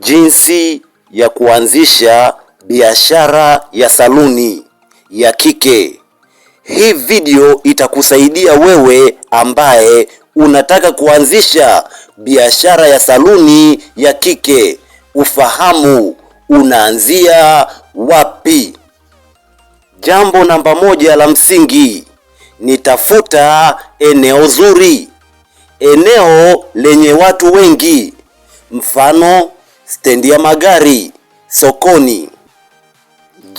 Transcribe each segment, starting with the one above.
jinsi ya kuanzisha biashara ya saluni ya kike. Hii video itakusaidia wewe ambaye unataka kuanzisha biashara ya saluni ya kike, ufahamu unaanzia wapi. Jambo namba moja la msingi ni tafuta eneo zuri, eneo lenye watu wengi, mfano stendi ya magari, sokoni.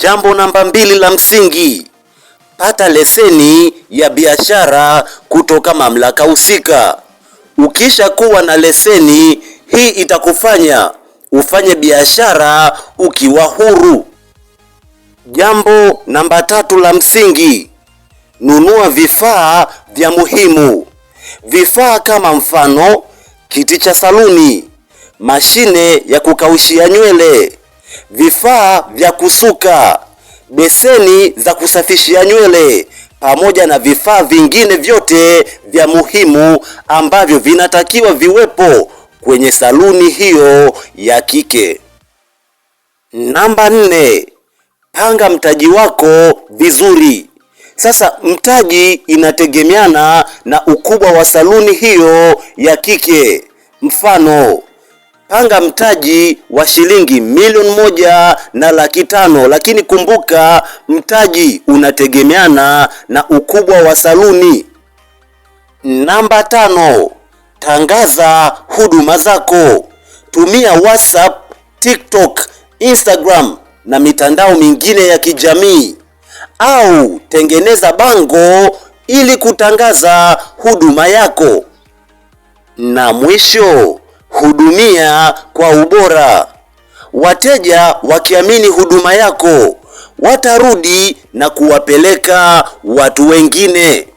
Jambo namba mbili la msingi, pata leseni ya biashara kutoka mamlaka husika. Ukisha kuwa na leseni hii, itakufanya ufanye biashara ukiwa huru. Jambo namba tatu la msingi, nunua vifaa vya muhimu. Vifaa kama mfano kiti cha saluni, mashine ya kukaushia nywele, vifaa vya kusuka, beseni za kusafishia nywele pamoja na vifaa vingine vyote vya muhimu ambavyo vinatakiwa viwepo kwenye saluni hiyo ya kike. Namba nne, panga mtaji wako vizuri. Sasa mtaji inategemeana na ukubwa wa saluni hiyo ya kike. Mfano, Panga mtaji wa shilingi milioni moja na laki tano, lakini kumbuka mtaji unategemeana na ukubwa wa saluni. Namba tano, tangaza huduma zako. Tumia WhatsApp, TikTok, Instagram na mitandao mingine ya kijamii au tengeneza bango ili kutangaza huduma yako. Na mwisho kuwahudumia kwa ubora. Wateja wakiamini huduma yako watarudi na kuwapeleka watu wengine.